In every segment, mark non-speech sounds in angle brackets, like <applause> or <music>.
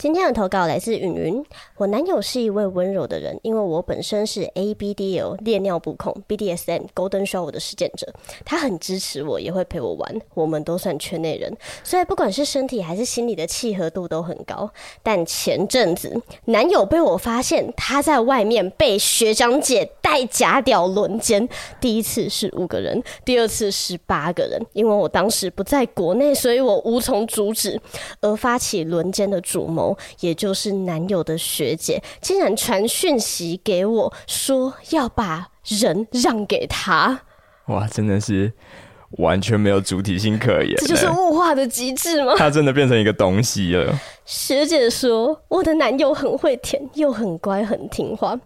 今天的投稿來自允允。我男友是一位溫柔的人，因為我本身是 A B D L 戀尿布控，B D S M Golden Shower 的實踐者。他很支持我，也會陪我玩，我們都算圈內人，所以不管是身體還是心理的契合度都很高。但前陣子，男友被我發現他在外面被學長姐。愛假屌輪姦，第一次是五個人，第二次是八個人。因為我當時不在國內，所以我無從阻止。而發起輪姦的主謀，也就是男友的學姐，竟然傳訊息給我說要把人讓給他。哇，真的是完全沒有主體性可言，欸，這就是物化的極致嗎？他真的變成一個東西了。學姐說，我的男友很會舔，又很乖，很聽話。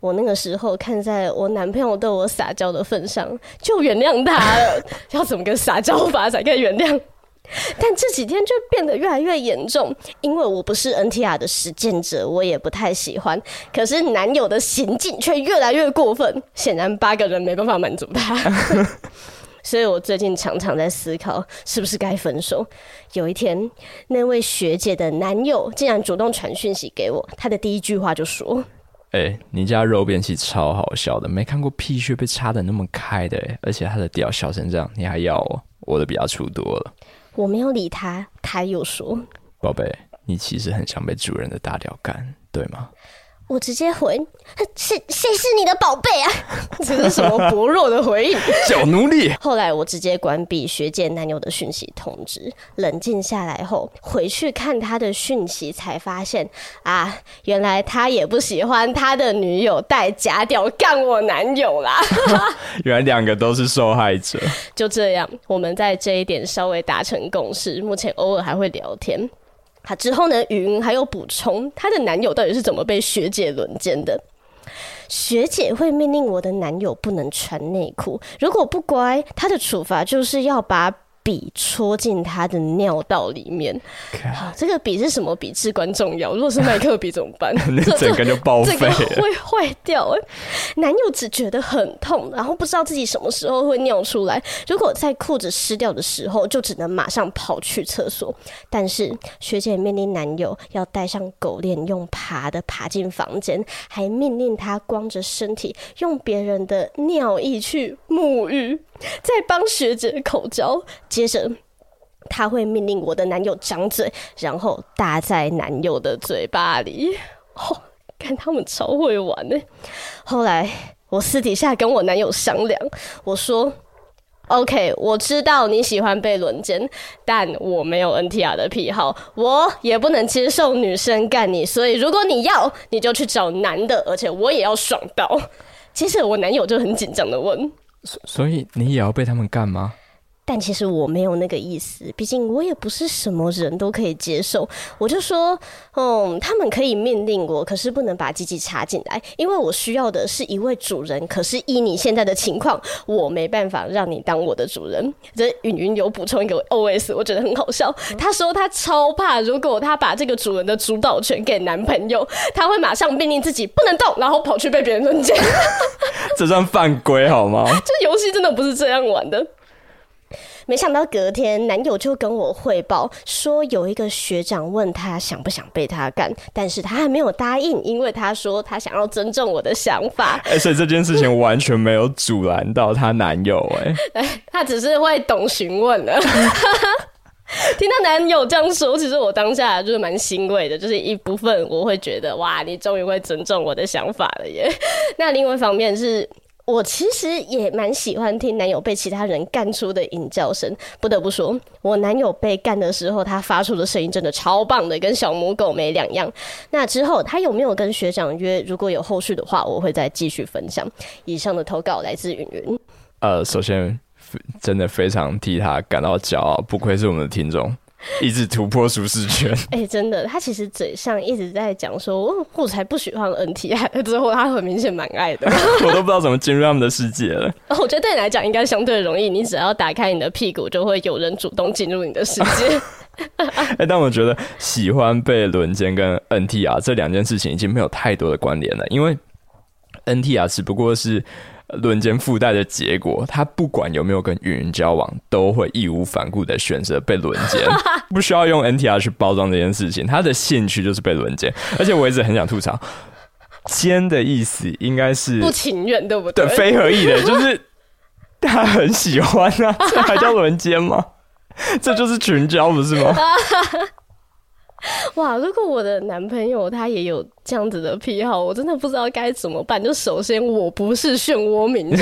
我那個時候看在我男朋友對我撒嬌的份上，就原諒他了。 <laughs> 要怎麼個撒嬌法才可以原諒？ <laughs> 但這幾天就變得越來越嚴重，因為我不是 NTR 的實踐者，我也不太喜歡。可是男友的行徑卻越來越過分，顯然八個人沒辦法滿足他， <laughs> <laughs> 所以我最近常常在思考，是不是該分手。有一天，那位學姐的男友竟然主動傳訊息給我，他的第一句話就說。哎、欸，你家肉便器超好笑的，沒看過屁穴被插得那麼開的、欸，而且他的屌小成這樣，你還要我？我的比他粗多了。我沒有理他，他又說：“寶貝，你其實很想被主人的大屌幹，對嗎？”我直接回誰誰是你的寶貝啊？這是什麼薄弱的回應？ <laughs> 小奴隸力。後來我直接關閉學姐男友的訊息通知，冷靜下來後回去看他的訊息，才發現啊，原來他也不喜歡他的女友帶假屌幹我男友啦。 <laughs> <laughs> 原來兩個都是受害者。就這樣，我們在這一點稍微達成共識。目前偶爾還會聊天。她之後呢？雲還有補充，她的男友到底是怎麼被學姐輪奸的？學姐會命令我的男友不能穿內褲，如果不乖，她的處罰就是要把。筆戳進他的尿道裡面。好 God.、哦，這個筆是什麼筆至關重要。如果是麥克筆怎麼辦？那整個就報廢了，這個會壞掉、欸。男友只覺得很痛，然後不知道自己什麼時候會尿出來。如果在褲子濕掉的時候，就只能馬上跑去廁所。但是學姐命令男友要帶上狗鏈，用爬的爬進房間，還命令他光着身體，用別人的尿液去沐浴，再幫學姐口交。接着，他會命令我的男友掌嘴，然後搭在男友的嘴巴裡。哦，看他們超會玩的欸。後來，我私底下跟我男友商量，我說：“OK，我知道你喜歡被輪奸，但我沒有 NTR 的癖好，我也不能接受女生幹你，所以如果你要，你就去找男的，而且我也要爽到。”接着，我男友就很緊張的問：“所所以你也要被他們幹嗎？”但其實我沒有那個意思，畢竟我也不是什麼人都可以接受。我就說，嗯，他們可以命令我，可是不能把雞雞插進來，因為我需要的是一位主人。可是以你現在的情況，我沒辦法讓你當我的主人。這允雲有補充一個 O S，我覺得很好笑。他說他超怕，如果他把這個主人的主導權給男朋友，他會馬上命令自己不能動，然後跑去被別人輪姦。 <laughs> 這算犯規好嗎？這遊戲真的不是這樣玩的。沒想到隔天，男友就跟我匯報說，有一個學長問他想不想被他幹，但是他還沒有答應，因為他說他想要尊重我的想法。欸、所以這件事情完全沒有阻攔到他男友，欸，哎， <laughs> 對，他只是會懂詢問了。 <laughs> 聽到男友這樣說，其實我當下就是蠻欣慰的，就是一部分我會覺得哇，你終於會尊重我的想法了耶。那另外一方面是。我其實也蠻喜歡聽男友被其他人幹出的淫叫聲。不得不說，我男友被幹的時候，他發出的聲音真的超棒的，跟小母狗沒兩樣。那之後他有沒有跟學長約？如果有後續的話，我會再繼續分享。以上的投稿來自芸芸。呃，首先，真的非常替他感到驕傲，不愧是我們的聽眾。一直突破舒適圈，哎、欸，真的，他其實嘴上一直在講說，我、哦、才不喜歡 NTR，之後他很明顯蠻愛的， <laughs> <laughs> 我都不知道怎麼進入他們的世界了。我覺得對你來講應該相對容易，你只要打開你的屁股，就會有人主動進入你的世界。哎、 <laughs> <laughs> 欸，但我覺得喜歡被輪奸跟 NTR 這兩件事情已經沒有太多的關聯了，因為 NTR 只不過是。輪奸附帶的結果，他不管有沒有跟女人交往，都會義無反顧的選擇被輪奸，不需要用 NTR 去包裝這件事情。他的興趣就是被輪奸，而且我一直很想吐槽“奸”的意思應該是不情願，對不對？對，非合意的，就是他很喜歡啊，這還叫輪奸嗎？ <laughs> 這就是群交，不是嗎？ <laughs> 哇！如果我的男朋友他也有這樣子的癖好，我真的不知道該怎麼辦。就首先，我不是漩渦鳴人，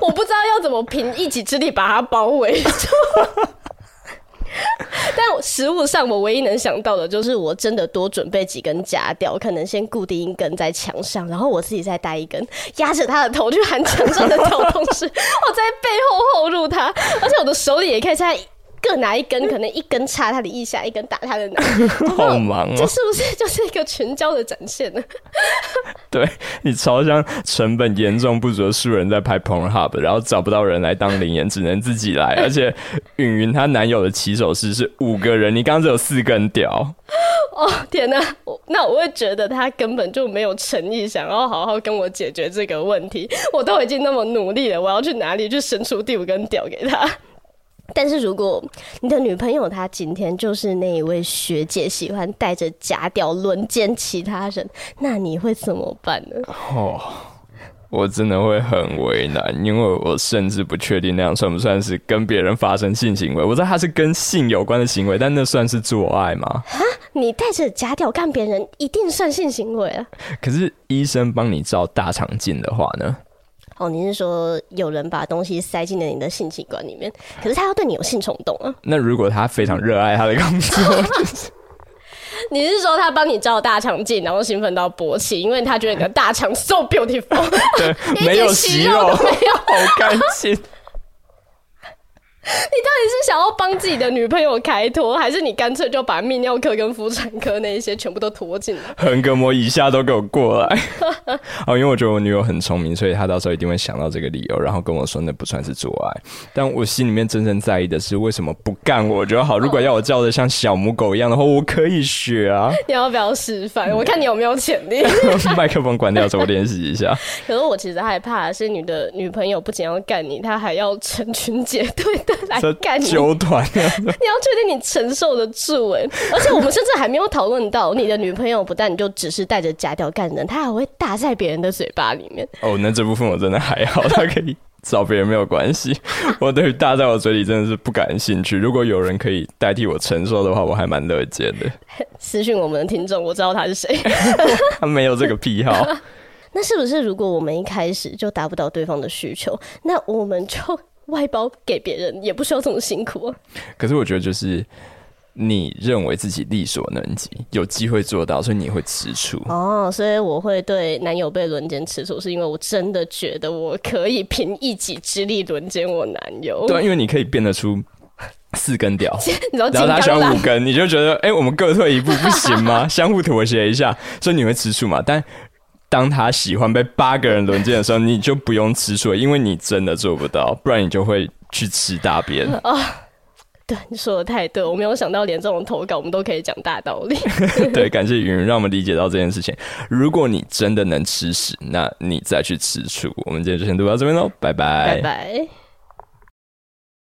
我不知道要怎麼憑一己之力把他包圍住。 <laughs> <laughs> 但實物上，我唯一能想到的就是，我真的多準備幾根假屌，可能先固定一根在牆上，然後我自己再戴一根壓着他的頭去含。牆上的，同時我在背後後入他，而且我的手裡也可以在就拿一根，可能一根插他的腋下，嗯、一根打他的腦。的 <laughs> 道好忙啊、哦！這是不是就是一個群交的展現呢？啊？ <laughs> 對，你超像成本嚴重不足的素人在拍 Pornhub 然後找不到人來當臨演，只能自己來。 <laughs> 而且云云她男友的起手式是五個人，你剛才只有四根屌。哦、oh, 天哪！那我會覺得他根本就沒有誠意，想要好好跟我解決這個問題。我都已經那麼努力了，我要去哪裡去伸出第五根屌給他？但是如果你的女朋友她今天就是那一位學姐，喜歡戴著假屌輪奸其他人，那你會怎麼辦呢？哦，我真的會很為難，因為我甚至不確定那樣算不算是跟別人發生性行為。我知道他是跟性有關的行為，但那算是做愛嗎？啊，你戴著假屌幹別人，一定算性行為啊！可是醫生幫你照大腸鏡的話呢？哦，你是說有人把東西塞進了你的性器官裡面？可是他要對你有性衝動啊？那如果他非常熱愛他的工作， <laughs> <laughs> 你是說他幫你照大腸鏡，然後興奮到勃起，因為他覺得你的大腸 <laughs> so beautiful， <laughs> 對， <laughs> 沒有息肉，沒有 <laughs> 心，好乾淨。你到底是想要幫自己的女朋友開脫，還是你乾脆就把泌尿科跟婦產科那一些全部都拖進來？橫膈膜以下都給我過來 <laughs> 哦，因為我覺得我女友很聰明，所以她到時候一定會想到這個理由，然後跟我說那不算是做愛。但我心裡面真正在意的是，為什麼不幹我就好，如果要我叫的像小母狗一樣的話，我可以學啊。 <laughs> 你要不要示範？嗯、我看你有沒有潛力。麥 <laughs> <laughs> 克風關掉，之後我練習一下？ <laughs> 可是我其實害怕是你的女朋友不僅要幹你，她還要成群結隊的。的才 酒團、啊，你要確定你承受得住哎、欸！ <laughs> 而且我們甚至還沒有討論到你的女朋友，不但你就只是帶着假屌幹人，她還會打在別人的嘴巴裡面。哦，那這部分我真的還好，她可以找別人沒有關係。 <laughs> 我對於打在我嘴裡真的是不感興趣。如果有人可以代替我承受的話，我還蠻樂見的。 <laughs> 私訊我們的聽眾，我知道他是誰， <laughs> <laughs> 他沒有這個癖好。 <laughs> 那是不是如果我們一開始就達不到對方的需求，那我們就？外包給別人，也不需要這麼辛苦啊。可是我覺得，就是你認為自己力所能及，有機會做到，所以你會吃醋。哦，所以我會對男友被輪奸吃醋，是因為我真的覺得我可以憑一己之力輪奸我男友。對，因為你可以變得出四根屌， <laughs> 道然後他選五根， <laughs> 你就覺得哎、欸，我們各退一步不行嗎？相互妥協一下， <laughs> 所以你會吃醋嘛？但。當他喜歡被八個人輪姦的時候，你就不用吃醋，因為你真的做不到，不然你就會去吃大便。哦、對，你說的太對，我沒有想到連這種投稿我們都可以講大道理。 <laughs> <laughs> 對，感謝雲雲讓我們理解到這件事情。如果你真的能吃屎，那你再去吃醋。我們今天就先錄到這邊嘍，拜拜，拜拜。